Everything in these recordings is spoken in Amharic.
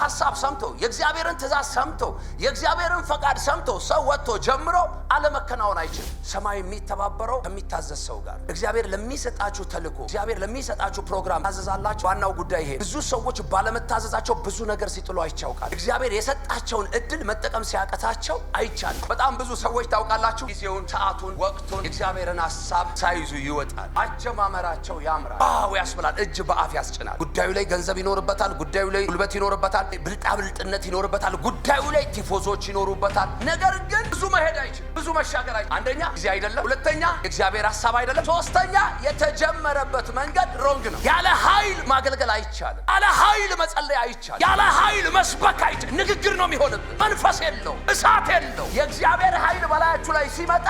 ሀሳብ ሰምቶ የእግዚአብሔርን ትእዛዝ ሰምቶ የእግዚአብሔርን ፈቃድ ሰምቶ ሰው ወጥቶ ጀምሮ አለመከናወን አይችልም። ሰማይ የሚተባበረው ከሚታዘዝ ሰው ጋር። እግዚአብሔር ለሚሰጣችሁ ተልእኮ፣ እግዚአብሔር ለሚሰጣችሁ ፕሮግራም ታዘዛላችሁ። ዋናው ጉዳይ ይሄ። ብዙ ሰዎች ባለመታዘዛቸው ብዙ ነገር ሲጥሉ አይቻውቃል። እግዚአብሔር የሰጣቸውን እድል መጠቀም ሲያቀታቸው አይቻልም። በጣም ብዙ ሰዎች ታውቃላችሁ፣ ጊዜውን፣ ሰዓቱን፣ ወቅቱን የእግዚአብሔርን ሀሳብ ሳይዙ ይወጣል። አጀማመራቸው ያምራል፣ ዋው ያስብላል፣ እጅ በአፍ ያስጭናል። ጉዳዩ ላይ ገንዘብ ይኖርበታል፣ ጉዳዩ ላይ ጉልበት ይኖርበታል ይኖርበታል፣ ብልጣብልጥነት ይኖርበታል፣ ጉዳዩ ላይ ቲፎዞች ይኖሩበታል። ነገር ግን ብዙ መሄድ አይችልም፣ ብዙ መሻገር አይችልም። አንደኛ ጊዜ አይደለም፣ ሁለተኛ የእግዚአብሔር ሀሳብ አይደለም፣ ሶስተኛ የተጀመረበት መንገድ ሮንግ ነው። ያለ ኃይል ማገልገል አይቻልም፣ ያለ ኃይል መጸለይ አይቻልም፣ ያለ ኃይል መስበክ አይቻልም። ንግግር ነው የሚሆንብን፣ መንፈስ የለው፣ እሳት የለው። የእግዚአብሔር ኃይል በላያችሁ ላይ ሲመጣ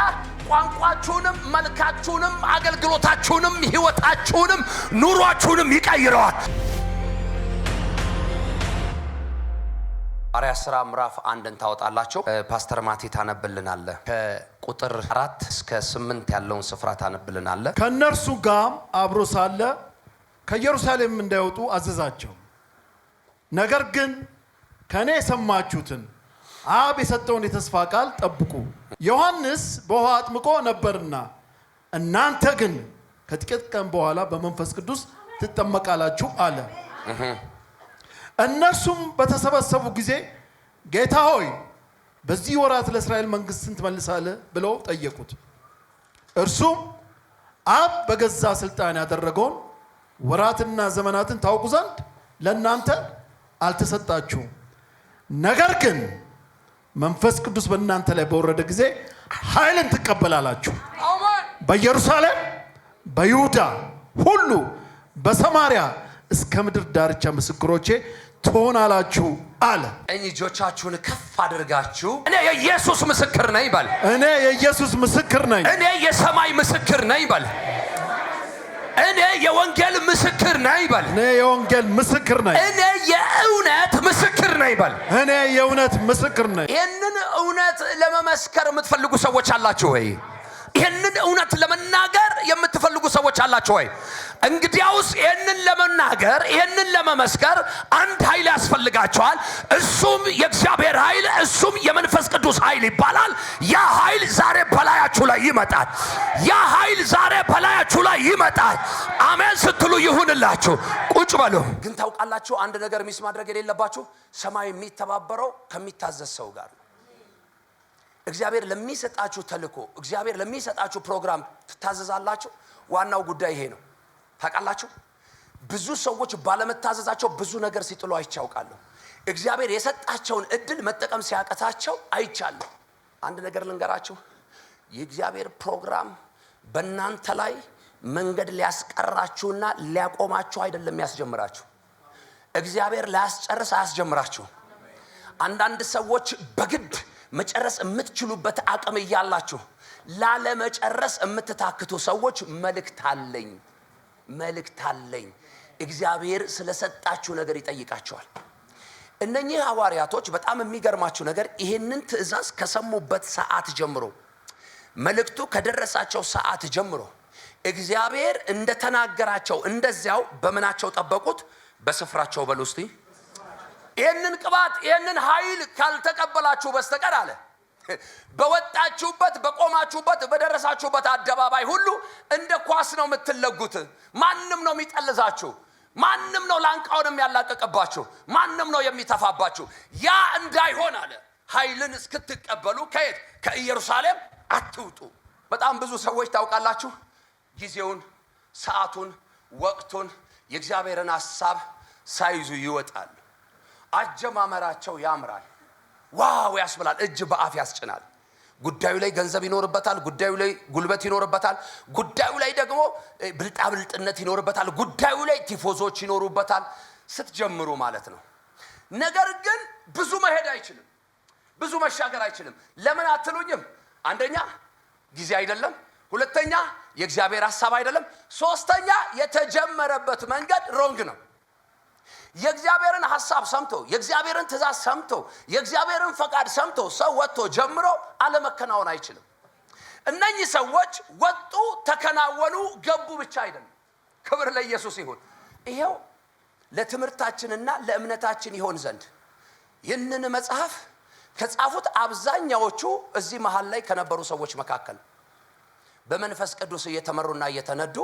ቋንቋችሁንም መልካችሁንም አገልግሎታችሁንም ህይወታችሁንም ኑሯችሁንም ይቀይረዋል። ሐዋርያ ስራ ምዕራፍ አንድን ታወጣላቸው። ፓስተር ማቲ ታነብልናለ። ከቁጥር አራት እስከ ስምንት ያለውን ስፍራ ታነብልናለ። ከእነርሱ ጋም አብሮ ሳለ ከኢየሩሳሌም እንዳይወጡ አዘዛቸው። ነገር ግን ከእኔ የሰማችሁትን አብ የሰጠውን የተስፋ ቃል ጠብቁ። ዮሐንስ በውሃ አጥምቆ ነበርና እናንተ ግን ከጥቂት ቀን በኋላ በመንፈስ ቅዱስ ትጠመቃላችሁ አለ። እነርሱም በተሰበሰቡ ጊዜ ጌታ ሆይ በዚህ ወራት ለእስራኤል ስንት መልሳለ ብለው ጠየቁት። እርሱም አብ በገዛ ስልጣን ያደረገውን ወራትና ዘመናትን ታውቁ ዘንድ ለእናንተ አልተሰጣችሁም። ነገር ግን መንፈስ ቅዱስ በእናንተ ላይ በወረደ ጊዜ ኃይልን ትቀበላላችሁ። በኢየሩሳሌም፣ በይሁዳ ሁሉ፣ በሰማሪያ እስከ ምድር ዳርቻ ምስክሮቼ ትሆናላችሁ አለ። እጆቻችሁን ከፍ አድርጋችሁ እኔ የኢየሱስ ምስክር ነኝ በል። እኔ የኢየሱስ ምስክር ነኝ። እኔ የሰማይ ምስክር ነኝ በል። እኔ የወንጌል ምስክር ነኝ በል። እኔ የወንጌል ምስክር ነኝ። እኔ የእውነት ምስክር ነኝ በል። እኔ የእውነት ምስክር ነኝ። ይህንን እውነት ለመመስከር የምትፈልጉ ሰዎች አላችሁ ወይ? ይህንን እውነት ለመናገር የምትፈልጉ ሰዎች አላችሁ ወይ? እንግዲያውስ ይህንን ለመናገር ይህንን ለመመስከር አንድ ኃይል ያስፈልጋቸዋል። እሱም የእግዚአብሔር ኃይል፣ እሱም የመንፈስ ቅዱስ ኃይል ይባላል። ያ ኃይል ዛሬ በላያችሁ ላይ ይመጣል። ያ ኃይል ዛሬ በላያችሁ ላይ ይመጣል። አሜን ስትሉ ይሁንላችሁ። ቁጭ በሉ። ግን ታውቃላችሁ አንድ ነገር ሚስ ማድረግ የሌለባችሁ ሰማይ የሚተባበረው ከሚታዘዝ ሰው ጋር እግዚአብሔር ለሚሰጣችሁ ተልኮ እግዚአብሔር ለሚሰጣችሁ ፕሮግራም ትታዘዛላችሁ። ዋናው ጉዳይ ይሄ ነው። ታውቃላችሁ፣ ብዙ ሰዎች ባለመታዘዛቸው ብዙ ነገር ሲጥሉ አይቻውቃለሁ። እግዚአብሔር የሰጣቸውን እድል መጠቀም ሲያቀታቸው አይቻለሁ። አንድ ነገር ልንገራችሁ፣ የእግዚአብሔር ፕሮግራም በእናንተ ላይ መንገድ ሊያስቀራችሁና ሊያቆማችሁ አይደለም ያስጀምራችሁ። እግዚአብሔር ላያስጨርስ አያስጀምራችሁም። አንዳንድ ሰዎች በግድ መጨረስ የምትችሉበት አቅም እያላችሁ ላለመጨረስ የምትታክቱ ሰዎች መልእክት አለኝ፣ መልእክት አለኝ። እግዚአብሔር ስለሰጣችሁ ነገር ይጠይቃቸዋል። እነኚህ ሐዋርያቶች በጣም የሚገርማችሁ ነገር ይህንን ትእዛዝ ከሰሙበት ሰዓት ጀምሮ መልእክቱ ከደረሳቸው ሰዓት ጀምሮ እግዚአብሔር እንደተናገራቸው እንደዚያው በምናቸው ጠበቁት። በስፍራቸው በሉ እስቲ ይህንን ቅባት ይህንን ኃይል ካልተቀበላችሁ በስተቀር አለ በወጣችሁበት በቆማችሁበት በደረሳችሁበት አደባባይ ሁሉ እንደ ኳስ ነው የምትለጉት። ማንም ነው የሚጠልዛችሁ፣ ማንም ነው ላንቃውን ያላጠቀባችሁ፣ ማንም ነው የሚተፋባችሁ። ያ እንዳይሆን አለ ኃይልን እስክትቀበሉ ከየት ከኢየሩሳሌም አትውጡ። በጣም ብዙ ሰዎች ታውቃላችሁ፣ ጊዜውን፣ ሰዓቱን፣ ወቅቱን የእግዚአብሔርን ሀሳብ ሳይዙ ይወጣሉ። አጀማመራቸው ያምራል። ዋው ያስብላል። እጅ በአፍ ያስጭናል። ጉዳዩ ላይ ገንዘብ ይኖርበታል። ጉዳዩ ላይ ጉልበት ይኖርበታል። ጉዳዩ ላይ ደግሞ ብልጣብልጥነት ይኖርበታል። ጉዳዩ ላይ ቲፎዞች ይኖሩበታል። ስትጀምሩ ማለት ነው። ነገር ግን ብዙ መሄድ አይችልም። ብዙ መሻገር አይችልም። ለምን አትሉኝም? አንደኛ ጊዜ አይደለም። ሁለተኛ የእግዚአብሔር ሀሳብ አይደለም። ሶስተኛ የተጀመረበት መንገድ ሮንግ ነው። የእግዚአብሔርን ሀሳብ ሰምቶ የእግዚአብሔርን ትእዛዝ ሰምቶ የእግዚአብሔርን ፈቃድ ሰምቶ ሰው ወጥቶ ጀምሮ አለመከናወን አይችልም። እነኚህ ሰዎች ወጡ፣ ተከናወኑ፣ ገቡ ብቻ አይደለም። ክብር ለኢየሱስ ይሁን። ይኸው ለትምህርታችንና ለእምነታችን ይሆን ዘንድ ይህንን መጽሐፍ ከጻፉት አብዛኛዎቹ እዚህ መሀል ላይ ከነበሩ ሰዎች መካከል በመንፈስ ቅዱስ እየተመሩና እየተነዱ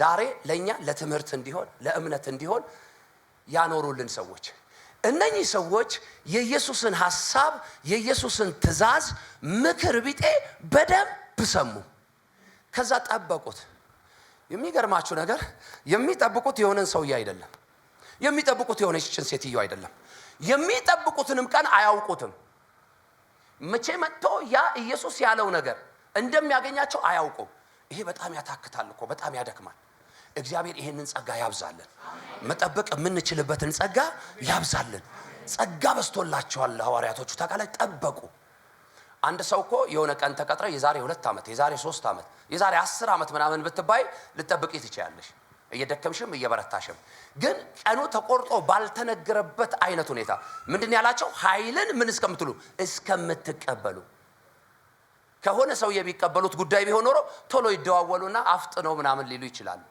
ዛሬ ለእኛ ለትምህርት እንዲሆን ለእምነት እንዲሆን ያኖሩልን ሰዎች። እነኚህ ሰዎች የኢየሱስን ሐሳብ የኢየሱስን ትእዛዝ ምክር ቢጤ በደንብ ሰሙ። ከዛ ጠበቁት። የሚገርማችሁ ነገር የሚጠብቁት የሆነን ሰውዬ አይደለም። የሚጠብቁት የሆነችን ሴትዮ አይደለም። የሚጠብቁትንም ቀን አያውቁትም። መቼ መጥቶ ያ ኢየሱስ ያለው ነገር እንደሚያገኛቸው አያውቁም። ይሄ በጣም ያታክታል እኮ በጣም ያደክማል። እግዚአብሔር ይህንን ጸጋ ያብዛልን። መጠበቅ የምንችልበትን ጸጋ ያብዛልን። ጸጋ በዝቶላቸዋል ሐዋርያቶቹ ታውቃለች፣ ጠበቁ። አንድ ሰው እኮ የሆነ ቀን ተቀጥረ የዛሬ ሁለት ዓመት የዛሬ ሶስት ዓመት የዛሬ አስር ዓመት ምናምን ብትባይ ልጠብቅ ትችያለሽ፣ እየደከምሽም እየበረታሽም። ግን ቀኑ ተቆርጦ ባልተነገረበት አይነት ሁኔታ ምንድን ያላቸው ኃይልን ምን እስከምትሉ እስከምትቀበሉ ከሆነ ሰው የሚቀበሉት ጉዳይ ቢሆን ኖሮ ቶሎ ይደዋወሉና አፍጥነው ምናምን ሊሉ ይችላሉ።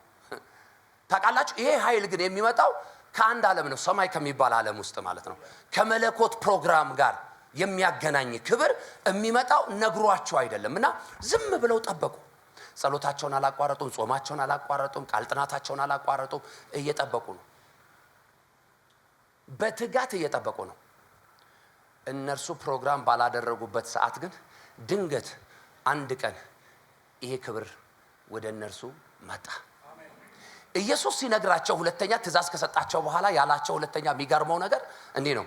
ታውቃላችሁ። ይሄ ኃይል ግን የሚመጣው ከአንድ ዓለም ነው፣ ሰማይ ከሚባል ዓለም ውስጥ ማለት ነው። ከመለኮት ፕሮግራም ጋር የሚያገናኝ ክብር የሚመጣው ነግሯቸው አይደለም እና ዝም ብለው ጠበቁ። ጸሎታቸውን አላቋረጡም፣ ጾማቸውን አላቋረጡም፣ ቃል ጥናታቸውን አላቋረጡም። እየጠበቁ ነው፣ በትጋት እየጠበቁ ነው። እነርሱ ፕሮግራም ባላደረጉበት ሰዓት ግን ድንገት አንድ ቀን ይሄ ክብር ወደ እነርሱ መጣ። ኢየሱስ ሲነግራቸው ሁለተኛ ትእዛዝ ከሰጣቸው በኋላ ያላቸው ሁለተኛ የሚገርመው ነገር እንዲህ ነው።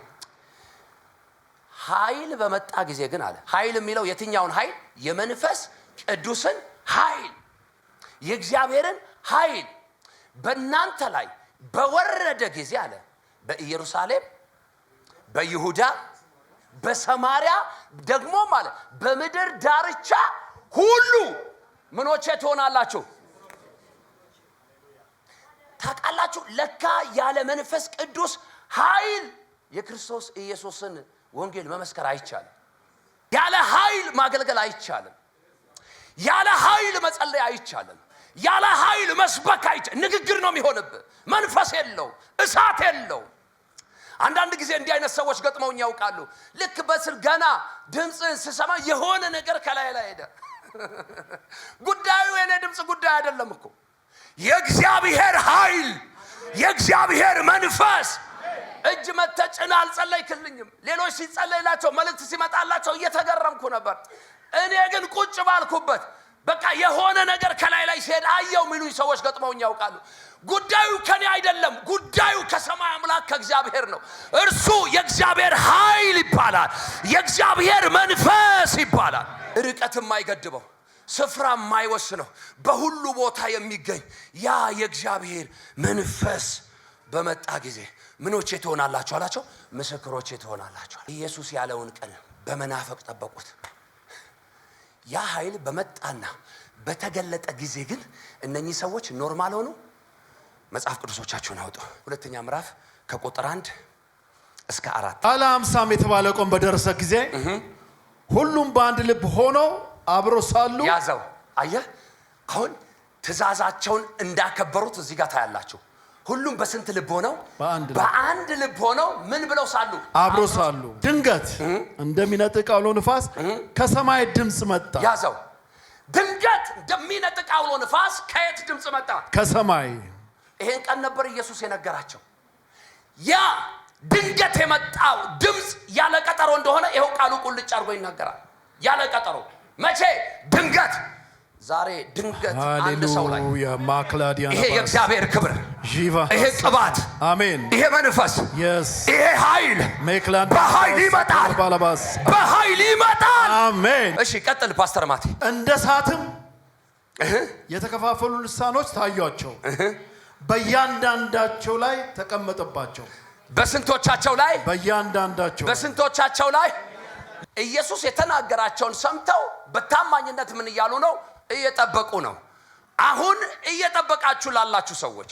ኃይል በመጣ ጊዜ ግን አለ። ኃይል የሚለው የትኛውን ኃይል? የመንፈስ ቅዱስን ኃይል፣ የእግዚአብሔርን ኃይል በእናንተ ላይ በወረደ ጊዜ አለ። በኢየሩሳሌም፣ በይሁዳ፣ በሰማሪያ ደግሞ ማለት በምድር ዳርቻ ሁሉ ምኖቼ ትሆናላችሁ ታውቃላችሁ፣ ለካ ያለ መንፈስ ቅዱስ ኃይል የክርስቶስ ኢየሱስን ወንጌል መመስከር አይቻልም። ያለ ኃይል ማገልገል አይቻልም። ያለ ኃይል መጸለይ አይቻልም። ያለ ኃይል መስበክ አይቻልም። ንግግር ነው የሚሆንብህ። መንፈስ የለው፣ እሳት የለው። አንዳንድ ጊዜ እንዲህ አይነት ሰዎች ገጥመውኝ ያውቃሉ። ልክ በስል ገና ድምፅህን ስሰማ የሆነ ነገር ከላይ ላይ ሄደ። ጉዳዩ የኔ ድምፅ ጉዳይ አይደለም እኮ የእግዚአብሔር ኃይል የእግዚአብሔር መንፈስ እጅ መተጭና አልጸለይክልኝም። ሌሎች ሲጸለይላቸው መልእክት ሲመጣላቸው እየተገረምኩ ነበር። እኔ ግን ቁጭ ባልኩበት በቃ የሆነ ነገር ከላይ ላይ ሲሄድ አየው ሚሉኝ ሰዎች ገጥመውኝ ያውቃሉ። ጉዳዩ ከኔ አይደለም። ጉዳዩ ከሰማይ አምላክ ከእግዚአብሔር ነው። እርሱ የእግዚአብሔር ኃይል ይባላል። የእግዚአብሔር መንፈስ ይባላል። ርቀትም አይገድበው። ስፍራ የማይወስነው በሁሉ ቦታ የሚገኝ ያ የእግዚአብሔር መንፈስ በመጣ ጊዜ ምኖቼ ትሆናላችሁ አላቸው፣ ምስክሮቼ ትሆናላችሁ። ኢየሱስ ያለውን ቀን በመናፈቅ ጠበቁት። ያ ኃይል በመጣና በተገለጠ ጊዜ ግን እነኚህ ሰዎች ኖርማል ሆኑ። መጽሐፍ ቅዱሶቻችሁን አውጡ። ሁለተኛ ምዕራፍ ከቁጥር አንድ እስከ አራት አለ አምሳም የተባለ ቆም በደረሰ ጊዜ ሁሉም በአንድ ልብ ሆኖ አብሮ ሳሉ ያዘው። አየህ አሁን ትእዛዛቸውን እንዳከበሩት እዚህ ጋር ታያላችሁ። ሁሉም በስንት ልብ ሆነው በአንድ ልብ ሆነው ምን ብለው ሳሉ አብሮ ሳሉ ድንገት እንደሚነጥቅ አውሎ ንፋስ ከሰማይ ድምፅ መጣ። ያዘው። ድንገት እንደሚነጥቅ አውሎ ንፋስ ከየት ድምፅ መጣ? ከሰማይ። ይሄን ቀን ነበር ኢየሱስ የነገራቸው። ያ ድንገት የመጣው ድምፅ ያለ ቀጠሮ እንደሆነ ይኸው ቃሉ ቁልጭ አድርጎ ይናገራል። ያለ ቀጠሮ መቼ ድንገት ዛሬ ድንገት አንድ ሰው ላይ ይሄ የእግዚአብሔር ክብር ይሄ ቅባት፣ አሜን፣ ይሄ መንፈስ፣ ይሄ ኃይል በኃይል ይመጣል፣ በኃይል ይመጣል። አሜን። እሺ ቀጥል ፓስተር ማቴ። እንደ እሳትም የተከፋፈሉ ልሳኖች ታዩአቸው፣ በእያንዳንዳቸው ላይ ተቀመጠባቸው። በስንቶቻቸው ላይ? በእያንዳንዳቸው። በስንቶቻቸው ላይ ኢየሱስ የተናገራቸውን ሰምተው በታማኝነት ምን እያሉ ነው? እየጠበቁ ነው። አሁን እየጠበቃችሁ ላላችሁ ሰዎች፣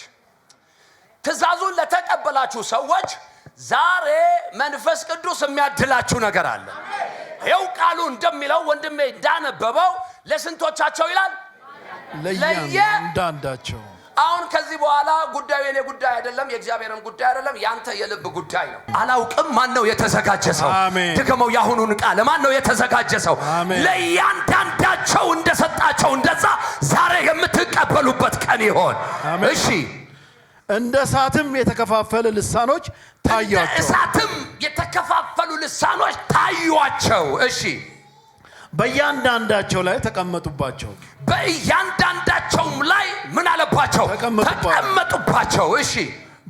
ትእዛዙን ለተቀበላችሁ ሰዎች ዛሬ መንፈስ ቅዱስ የሚያድላችሁ ነገር አለ። ይኸው ቃሉ እንደሚለው ወንድሜ እንዳነበበው ለስንቶቻቸው ይላል? እንዳንዳቸው አሁን ከዚህ በኋላ ጉዳዩ የኔ ጉዳይ አይደለም፣ የእግዚአብሔርም ጉዳይ አይደለም፣ ያንተ የልብ ጉዳይ ነው። አላውቅም። ማን ነው የተዘጋጀ ሰው? ድገመው ያሁኑን ቃል። ማን ነው የተዘጋጀ ሰው? ለእያንዳንዳቸው እንደሰጣቸው እንደዛ ዛሬ የምትቀበሉበት ቀን ይሆን። እሺ። እንደ እሳትም የተከፋፈለ ልሳኖች ታዩአቸው። እንደ እሳትም የተከፋፈሉ ልሳኖች ታዩአቸው። እሺ በእያንዳንዳቸው ላይ ተቀመጡባቸው። በእያንዳንዳቸውም ላይ ምን አለባቸው? ተቀመጡባቸው። እሺ።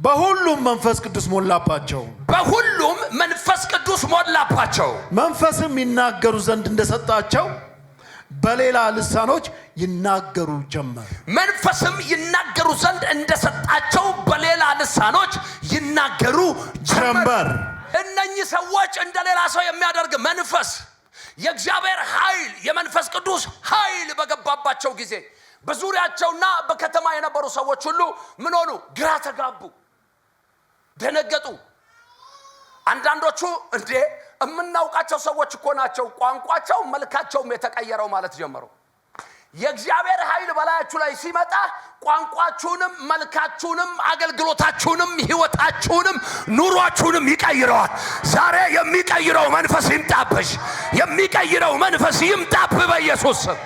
በሁሉም መንፈስ ቅዱስ ሞላባቸው። በሁሉም መንፈስ ቅዱስ ሞላባቸው። መንፈስም ይናገሩ ዘንድ እንደሰጣቸው በሌላ ልሳኖች ይናገሩ ጀመር። መንፈስም ይናገሩ ዘንድ እንደሰጣቸው በሌላ ልሳኖች ይናገሩ ጀመር። እነኚህ ሰዎች እንደ ሌላ ሰው የሚያደርግ መንፈስ የእግዚአብሔር ኃይል የመንፈስ ቅዱስ ኃይል በገባባቸው ጊዜ በዙሪያቸውና በከተማ የነበሩ ሰዎች ሁሉ ምን ሆኑ? ግራ ተጋቡ፣ ደነገጡ። አንዳንዶቹ እንዴ የምናውቃቸው ሰዎች እኮ ናቸው፣ ቋንቋቸው መልካቸውም የተቀየረው ማለት ጀመሩ። የእግዚአብሔር ኃይል በላያችሁ ላይ ሲመጣ ቋንቋችሁንም፣ መልካችሁንም፣ አገልግሎታችሁንም፣ ህይወታችሁንም፣ ኑሯችሁንም ይቀይረዋል። ዛሬ የሚቀይረው መንፈስ ይምጣብሽ፣ የሚቀይረው መንፈስ ይምጣብ በኢየሱስ ስም።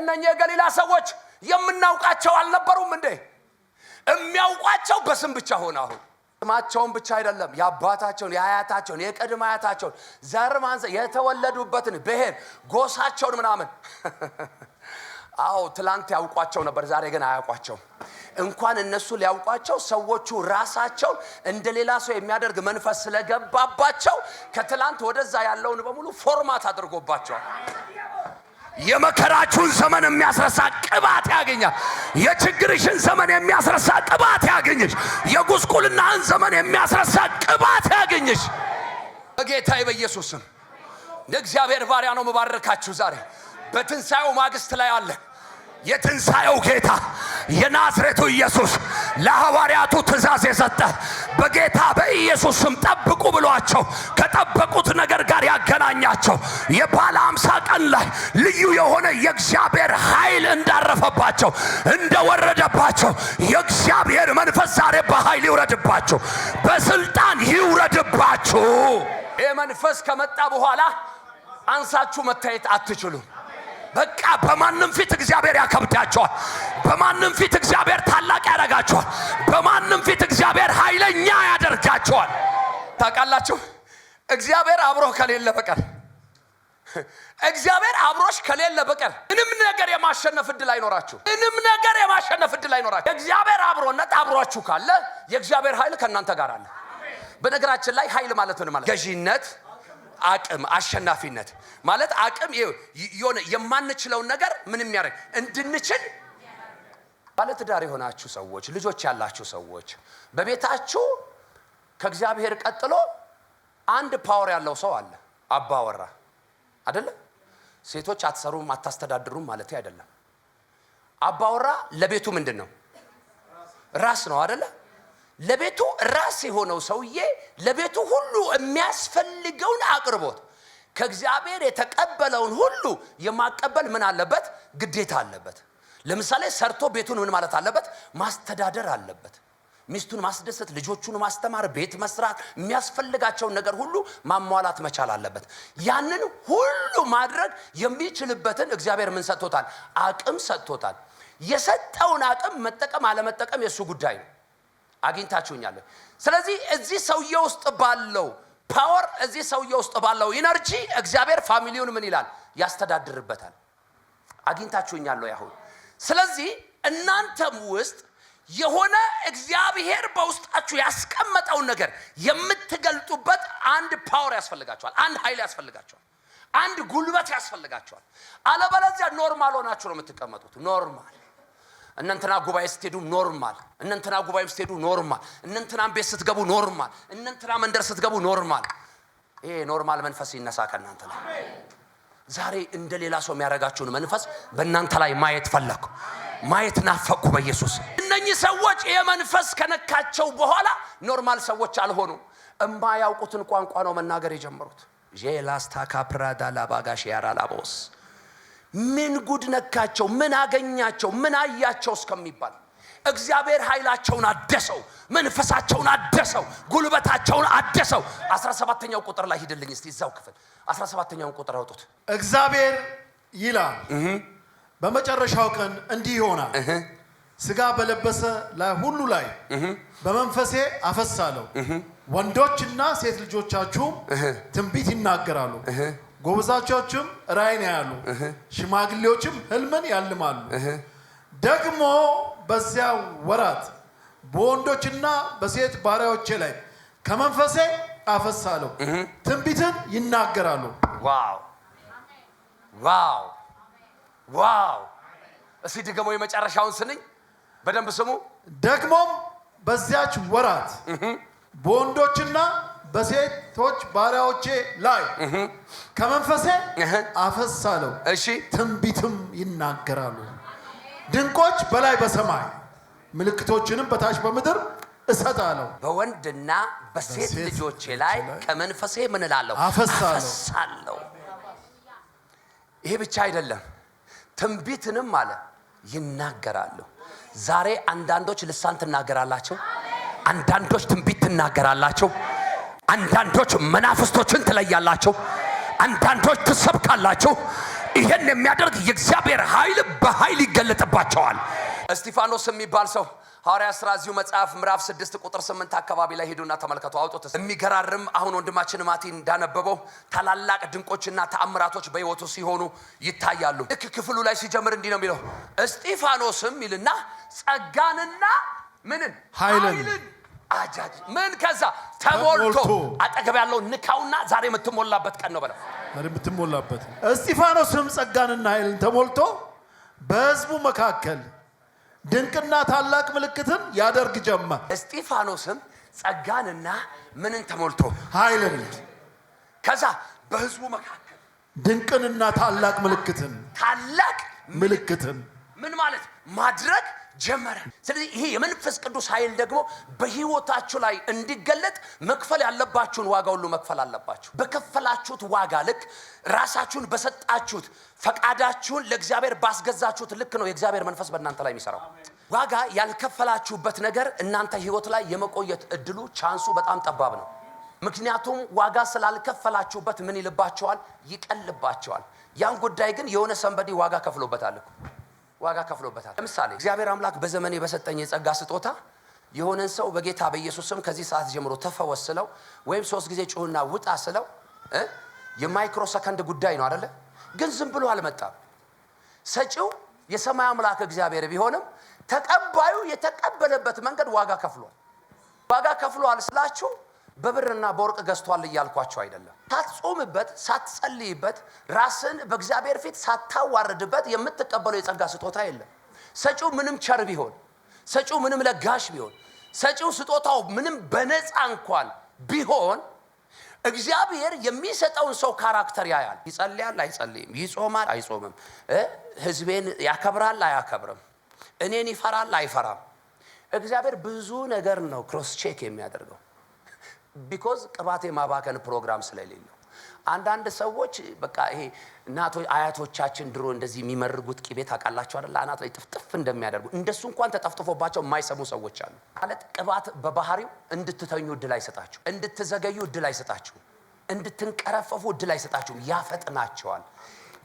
እነኚህ የገሊላ ሰዎች የምናውቃቸው አልነበሩም እንዴ? የሚያውቋቸው በስም ብቻ ሆነ። አሁን ስማቸውን ብቻ አይደለም የአባታቸውን፣ የአያታቸውን፣ የቅድመ አያታቸውን ዘር ማንዘር የተወለዱበትን ብሔር፣ ጎሳቸውን ምናምን አዎ ትላንት ያውቋቸው ነበር፣ ዛሬ ግን አያውቋቸው። እንኳን እነሱ ሊያውቋቸው ሰዎቹ ራሳቸው እንደ ሌላ ሰው የሚያደርግ መንፈስ ስለገባባቸው ከትላንት ወደዛ ያለውን በሙሉ ፎርማት አድርጎባቸዋል። የመከራችሁን ዘመን የሚያስረሳ ቅባት ያገኛል። የችግርሽን ዘመን የሚያስረሳ ቅባት ያገኝሽ። የጉስቁልናህን ዘመን የሚያስረሳ ቅባት ያገኝሽ። በጌታ በኢየሱስም እንደ እግዚአብሔር ባሪያ ነው መባረካችሁ ዛሬ በትንሣኤው ማግስት ላይ አለን። የትንሣኤው ጌታ የናዝሬቱ ኢየሱስ ለሐዋርያቱ ትእዛዝ የሰጠ በጌታ በኢየሱስ ስም ጠብቁ ብሏቸው ከጠበቁት ነገር ጋር ያገናኛቸው የባለ አምሳ ቀን ላይ ልዩ የሆነ የእግዚአብሔር ኃይል እንዳረፈባቸው እንደወረደባቸው የእግዚአብሔር መንፈስ ዛሬ በኃይል ይውረድባችሁ፣ በስልጣን ይውረድባችሁ። ይህ መንፈስ ከመጣ በኋላ አንሳችሁ መታየት አትችሉም። በቃ በማንም ፊት እግዚአብሔር ያከብዳቸዋል። በማንም ፊት እግዚአብሔር ታላቅ ያደርጋቸዋል። በማንም ፊት እግዚአብሔር ኃይለኛ ያደርጋቸዋል። ታውቃላችሁ፣ እግዚአብሔር አብሮህ ከሌለ በቀር እግዚአብሔር አብሮሽ ከሌለ በቀር ምንም ነገር የማሸነፍ እድል አይኖራችሁ። ምንም ነገር የማሸነፍ እድል አይኖራችሁ። እግዚአብሔር አብሮነት አብሯችሁ ካለ የእግዚአብሔር ኃይል ከእናንተ ጋር አለ። በነገራችን ላይ ኃይል ማለት ምን ማለት ገዢነት አቅም አሸናፊነት ማለት አቅም የሆነ የማንችለውን ነገር ምን የሚያደርግ እንድንችል። ባለትዳር የሆናችሁ ሰዎች፣ ልጆች ያላችሁ ሰዎች በቤታችሁ ከእግዚአብሔር ቀጥሎ አንድ ፓወር ያለው ሰው አለ። አባወራ አይደለም። ሴቶች አትሰሩም አታስተዳድሩም ማለት አይደለም። አባወራ ለቤቱ ምንድን ነው? ራስ ነው አይደለም። ለቤቱ ራስ የሆነው ሰውዬ ለቤቱ ሁሉ የሚያስፈልገውን አቅርቦት ከእግዚአብሔር የተቀበለውን ሁሉ የማቀበል ምን አለበት? ግዴታ አለበት። ለምሳሌ ሰርቶ ቤቱን ምን ማለት አለበት? ማስተዳደር አለበት። ሚስቱን ማስደሰት፣ ልጆቹን ማስተማር፣ ቤት መስራት፣ የሚያስፈልጋቸውን ነገር ሁሉ ማሟላት መቻል አለበት። ያንን ሁሉ ማድረግ የሚችልበትን እግዚአብሔር ምን ሰጥቶታል? አቅም ሰጥቶታል። የሰጠውን አቅም መጠቀም አለመጠቀም የእሱ ጉዳይ ነው። አግኝታችሁኛል። ስለዚህ እዚህ ሰውዬ ውስጥ ባለው ፓወር፣ እዚህ ሰውዬ ውስጥ ባለው ኢነርጂ እግዚአብሔር ፋሚሊውን ምን ይላል? ያስተዳድርበታል። አግኝታችሁኛል ያሁን። ስለዚህ እናንተም ውስጥ የሆነ እግዚአብሔር በውስጣችሁ ያስቀመጠውን ነገር የምትገልጡበት አንድ ፓወር ያስፈልጋቸዋል። አንድ ኃይል ያስፈልጋቸዋል። አንድ ጉልበት ያስፈልጋቸዋል። አለበለዚያ ኖርማል ሆናችሁ ነው የምትቀመጡት። ኖርማል እነንትና ጉባኤ ስትሄዱ ኖርማል፣ እነንትና ጉባኤ ስትሄዱ ኖርማል፣ እነንትናም ቤት ስትገቡ ኖርማል፣ እነንትና መንደር ስትገቡ ኖርማል። ይሄ ኖርማል መንፈስ ይነሳ ከእናንተ ላይ። ዛሬ እንደ ሌላ ሰው የሚያደርጋችሁን መንፈስ በእናንተ ላይ ማየት ፈለግኩ፣ ማየት ናፈቅኩ በኢየሱስ። እነኚህ ሰዎች ይሄ መንፈስ ከነካቸው በኋላ ኖርማል ሰዎች አልሆኑም። እማያውቁትን ቋንቋ ነው መናገር የጀመሩት። ዤላስታካፕራዳ ላባጋሽ ያራላቦስ ምን ጉድ ነካቸው? ምን አገኛቸው? ምን አያቸው እስከሚባል እግዚአብሔር ኃይላቸውን አደሰው፣ መንፈሳቸውን አደሰው፣ ጉልበታቸውን አደሰው። አስራ ሰባተኛው ቁጥር ላይ ሂድልኝ እስቲ እዛው ክፍል አስራ ሰባተኛውን ቁጥር አውጡት። እግዚአብሔር ይላል በመጨረሻው ቀን እንዲህ ይሆናል፣ ስጋ በለበሰ ላይ ሁሉ ላይ በመንፈሴ አፈሳለሁ፣ ወንዶችና ሴት ልጆቻችሁም ትንቢት ይናገራሉ ጎበዛቾችም ራእይን ያሉ፣ ሽማግሌዎችም ህልምን ያልማሉ። ደግሞ በዚያ ወራት በወንዶችና በሴት ባሪያዎቼ ላይ ከመንፈሴ አፈሳለሁ፣ ትንቢትን ይናገራሉ። ዋው ዋው ዋው! እስኪ ድገሞ የመጨረሻውን ስንኝ በደንብ ስሙ። ደግሞም በዚያች ወራት በወንዶችና በሴቶች ባሪያዎቼ ላይ ከመንፈሴ አፈሳለሁ፣ እሺ ትንቢትም ይናገራሉ። ድንቆች በላይ በሰማይ ምልክቶችንም በታች በምድር እሰጣለሁ። በወንድና በሴት ልጆቼ ላይ ከመንፈሴ ምን እላለሁ? አፈሳለሁ። ይሄ ብቻ አይደለም፣ ትንቢትንም አለ ይናገራሉ። ዛሬ አንዳንዶች ልሳን ትናገራላቸው፣ አንዳንዶች ትንቢት ትናገራላቸው። አንዳንዶች መናፍስቶችን ትለያላችሁ፣ አንዳንዶች ትሰብካላችሁ። ይሄን የሚያደርግ የእግዚአብሔር ኃይል በኃይል ይገለጥባቸዋል። እስጢፋኖስ የሚባል ሰው ሐዋርያ ሥራ እዚሁ መጽሐፍ ምዕራፍ ስድስት ቁጥር ስምንት አካባቢ ላይ ሄዱና ተመልከቱ። አውጡት። የሚገራርም አሁን ወንድማችን ማቲ እንዳነበበው ታላላቅ ድንቆችና ተአምራቶች በሕይወቱ ሲሆኑ ይታያሉ። ልክ ክፍሉ ላይ ሲጀምር እንዲህ ነው የሚለው እስጢፋኖስም ይልና ጸጋንና ምንን ኃይልን አጃጅ ምን ከዛ ተሞልቶ አጠገብ ያለው ንካውና ዛሬ የምትሞላበት ቀን ነው በለው። ዛሬ የምትሞላበት እስጢፋኖስም ጸጋንና ኃይልን ተሞልቶ በህዝቡ መካከል ድንቅና ታላቅ ምልክትን ያደርግ ጀመር። እስጢፋኖስም ጸጋንና ምንን ተሞልቶ ኃይልን ከዛ በሕዝቡ መካከል ድንቅንና ታላቅ ምልክትን ታላቅ ምልክትን ምን ማለት ማድረግ ጀመረ። ስለዚህ ይሄ የመንፈስ ቅዱስ ኃይል ደግሞ በህይወታችሁ ላይ እንዲገለጥ መክፈል ያለባችሁን ዋጋ ሁሉ መክፈል አለባችሁ። በከፈላችሁት ዋጋ ልክ ራሳችሁን በሰጣችሁት ፈቃዳችሁን ለእግዚአብሔር ባስገዛችሁት ልክ ነው የእግዚአብሔር መንፈስ በእናንተ ላይ የሚሰራው። ዋጋ ያልከፈላችሁበት ነገር እናንተ ህይወት ላይ የመቆየት እድሉ ቻንሱ በጣም ጠባብ ነው። ምክንያቱም ዋጋ ስላልከፈላችሁበት ምን ይልባቸዋል? ይቀልባቸዋል። ያን ጉዳይ ግን የሆነ ሰንበዲ ዋጋ ከፍሎበታል እኮ ዋጋ ከፍሎበታል። ለምሳሌ እግዚአብሔር አምላክ በዘመኔ በሰጠኝ የጸጋ ስጦታ የሆነን ሰው በጌታ በኢየሱስ ስም ከዚህ ሰዓት ጀምሮ ተፈወስ ስለው ወይም ሶስት ጊዜ ጩሁና ውጣ ስለው የማይክሮ ሰከንድ ጉዳይ ነው አደለ? ግን ዝም ብሎ አልመጣም። ሰጪው የሰማይ አምላክ እግዚአብሔር ቢሆንም ተቀባዩ የተቀበለበት መንገድ ዋጋ ከፍሏል። ዋጋ ከፍሏል ስላችሁ በብርና በወርቅ ገዝቷል እያልኳቸው አይደለም። ሳትጾምበት፣ ሳትጸልይበት፣ ራስን በእግዚአብሔር ፊት ሳታዋርድበት የምትቀበለው የጸጋ ስጦታ የለም። ሰጪው ምንም ቸር ቢሆን፣ ሰጪው ምንም ለጋሽ ቢሆን፣ ሰጪው ስጦታው ምንም በነፃ እንኳን ቢሆን እግዚአብሔር የሚሰጠውን ሰው ካራክተር ያያል። ይጸልያል፣ አይጸልይም፣ ይጾማል፣ አይጾምም፣ ህዝቤን ያከብራል፣ አያከብርም፣ እኔን ይፈራል፣ አይፈራም። እግዚአብሔር ብዙ ነገር ነው ክሮስ ቼክ የሚያደርገው። ቢኮዝ ቅባት የማባከን ፕሮግራም ስለሌለው አንዳንድ ሰዎች በቃ ይሄ እናቶች አያቶቻችን ድሮ እንደዚህ የሚመርጉት ቂቤ ታውቃላችሁ አይደል? አናት ላይ ጥፍጥፍ እንደሚያደርጉ እንደሱ እንኳን ተጠፍጥፎባቸው የማይሰሙ ሰዎች አሉ። ማለት ቅባት በባህሪው እንድትተኙ እድል አይሰጣችሁ፣ እንድትዘገዩ እድል አይሰጣችሁ፣ እንድትንቀረፈፉ እድል አይሰጣችሁ፣ ያፈጥናቸዋል።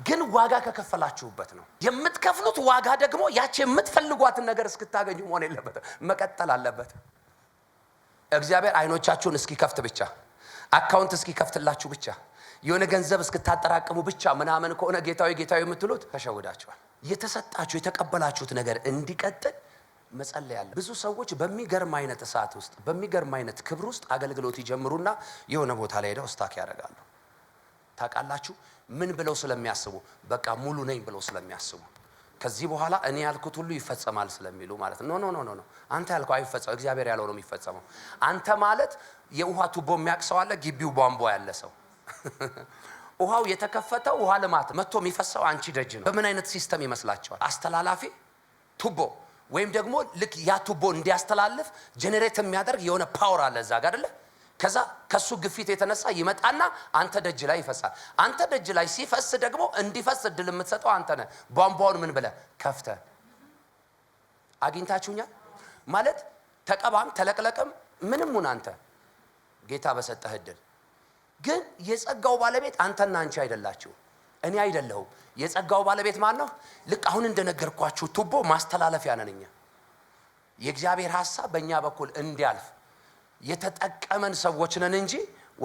ግን ዋጋ ከከፈላችሁበት ነው የምትከፍሉት። ዋጋ ደግሞ ያቺ የምትፈልጓትን ነገር እስክታገኙ መሆን የለበትም፣ መቀጠል አለበት። እግዚአብሔር አይኖቻችሁን እስኪከፍት ብቻ አካውንት እስኪከፍትላችሁ ብቻ የሆነ ገንዘብ እስክታጠራቅሙ ብቻ ምናምን ከሆነ ጌታዊ ጌታዊ የምትሉት ተሸውዳችኋል። የተሰጣችሁ የተቀበላችሁት ነገር እንዲቀጥል መጸለይ ያለ። ብዙ ሰዎች በሚገርም አይነት እሳት ውስጥ በሚገርም አይነት ክብር ውስጥ አገልግሎት ይጀምሩና የሆነ ቦታ ላይ ሄደው እስታክ ያደርጋሉ። ታውቃላችሁ? ምን ብለው ስለሚያስቡ፣ በቃ ሙሉ ነኝ ብለው ስለሚያስቡ ከዚህ በኋላ እኔ ያልኩት ሁሉ ይፈጸማል ስለሚሉ ማለት ነው። ኖ ኖ ኖ ኖ አንተ ያልከው አይፈጸም፣ እግዚአብሔር ያለው ነው የሚፈጸመው። አንተ ማለት የውሃ ቱቦ የሚያቅሰው አለ፣ ግቢው ቧንቧ ያለ ሰው። ውሃው የተከፈተው ውሃ ልማት መጥቶ የሚፈሰው አንቺ ደጅ ነው። በምን አይነት ሲስተም ይመስላቸዋል? አስተላላፊ ቱቦ ወይም ደግሞ ልክ ያ ቱቦ እንዲያስተላልፍ ጀኔሬት የሚያደርግ የሆነ ፓወር አለ እዛ ጋር አይደለ ከዛ ከሱ ግፊት የተነሳ ይመጣና አንተ ደጅ ላይ ይፈሳል። አንተ ደጅ ላይ ሲፈስ ደግሞ እንዲፈስ እድል የምትሰጠው አንተ ነህ። ቧንቧውን ምን ብለ ከፍተ አግኝታችሁኛል ማለት ተቀባም ተለቅለቅም ምንም ሁን አንተ ጌታ በሰጠህ እድል ግን የጸጋው ባለቤት አንተና አንቺ አይደላችሁ፣ እኔ አይደለሁም። የጸጋው ባለቤት ማን ነው? ልክ አሁን እንደነገርኳችሁ ቱቦ ማስተላለፊያ ነን እኛ። የእግዚአብሔር ሀሳብ በእኛ በኩል እንዲያልፍ የተጠቀመን ሰዎች ነን እንጂ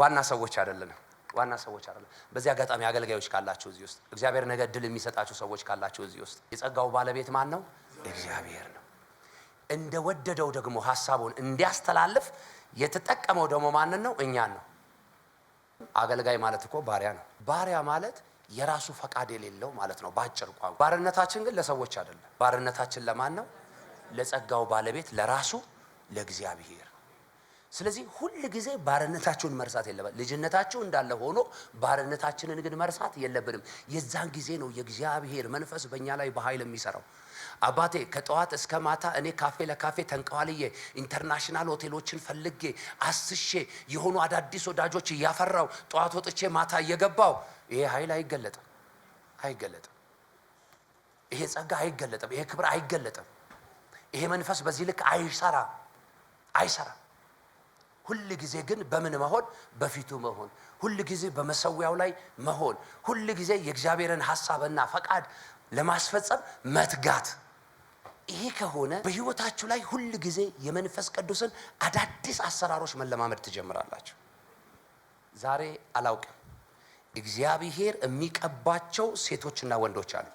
ዋና ሰዎች አይደለንም። ዋና ሰዎች አይደለም። በዚህ አጋጣሚ አገልጋዮች ካላችሁ እዚህ ውስጥ እግዚአብሔር ነገ ድል የሚሰጣችሁ ሰዎች ካላችሁ እዚህ ውስጥ የጸጋው ባለቤት ማን ነው? እግዚአብሔር ነው። እንደ ወደደው ደግሞ ሀሳቡን እንዲያስተላልፍ የተጠቀመው ደግሞ ማንን ነው? እኛን ነው። አገልጋይ ማለት እኮ ባሪያ ነው። ባሪያ ማለት የራሱ ፈቃድ የሌለው ማለት ነው በአጭር ቋንቋ። ባርነታችን ግን ለሰዎች አይደለም። ባርነታችን ለማን ነው? ለጸጋው ባለቤት ለራሱ ለእግዚአብሔር ስለዚህ ሁል ጊዜ ባርነታችሁን መርሳት የለበት። ልጅነታችሁ እንዳለ ሆኖ ባርነታችንን ግን መርሳት የለብንም። የዛን ጊዜ ነው የእግዚአብሔር መንፈስ በእኛ ላይ በኃይል የሚሰራው። አባቴ ከጠዋት እስከ ማታ እኔ ካፌ ለካፌ ተንቀዋልዬ ኢንተርናሽናል ሆቴሎችን ፈልጌ አስሼ የሆኑ አዳዲስ ወዳጆች እያፈራው ጠዋት ወጥቼ ማታ እየገባው ይሄ ኃይል አይገለጥም፣ አይገለጥም። ይሄ ጸጋ አይገለጥም፣ ይሄ ክብር አይገለጥም። ይሄ መንፈስ በዚህ ልክ አይሰራ አይሰራ ሁል ጊዜ ግን በምን መሆን? በፊቱ መሆን፣ ሁል ጊዜ በመሰዊያው ላይ መሆን፣ ሁል ጊዜ የእግዚአብሔርን ሐሳብና ፈቃድ ለማስፈጸም መትጋት። ይሄ ከሆነ በህይወታችሁ ላይ ሁል ጊዜ የመንፈስ ቅዱስን አዳዲስ አሰራሮች መለማመድ ትጀምራላችሁ። ዛሬ አላውቅም፣ እግዚአብሔር የሚቀባቸው ሴቶችና ወንዶች አሉ።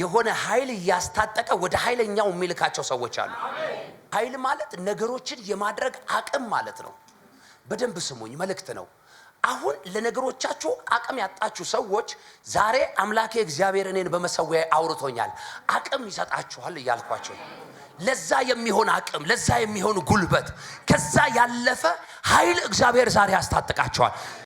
የሆነ ኃይል እያስታጠቀ ወደ ኃይለኛው የሚልካቸው ሰዎች አሉ። ኃይል ማለት ነገሮችን የማድረግ አቅም ማለት ነው። በደንብ ስሙኝ፣ መልእክት ነው። አሁን ለነገሮቻችሁ አቅም ያጣችሁ ሰዎች ዛሬ አምላኬ እግዚአብሔር እኔን በመሰዊያ አውርቶኛል፣ አቅም ይሰጣችኋል እያልኳቸው ለዛ የሚሆን አቅም፣ ለዛ የሚሆን ጉልበት፣ ከዛ ያለፈ ኃይል እግዚአብሔር ዛሬ ያስታጥቃቸዋል።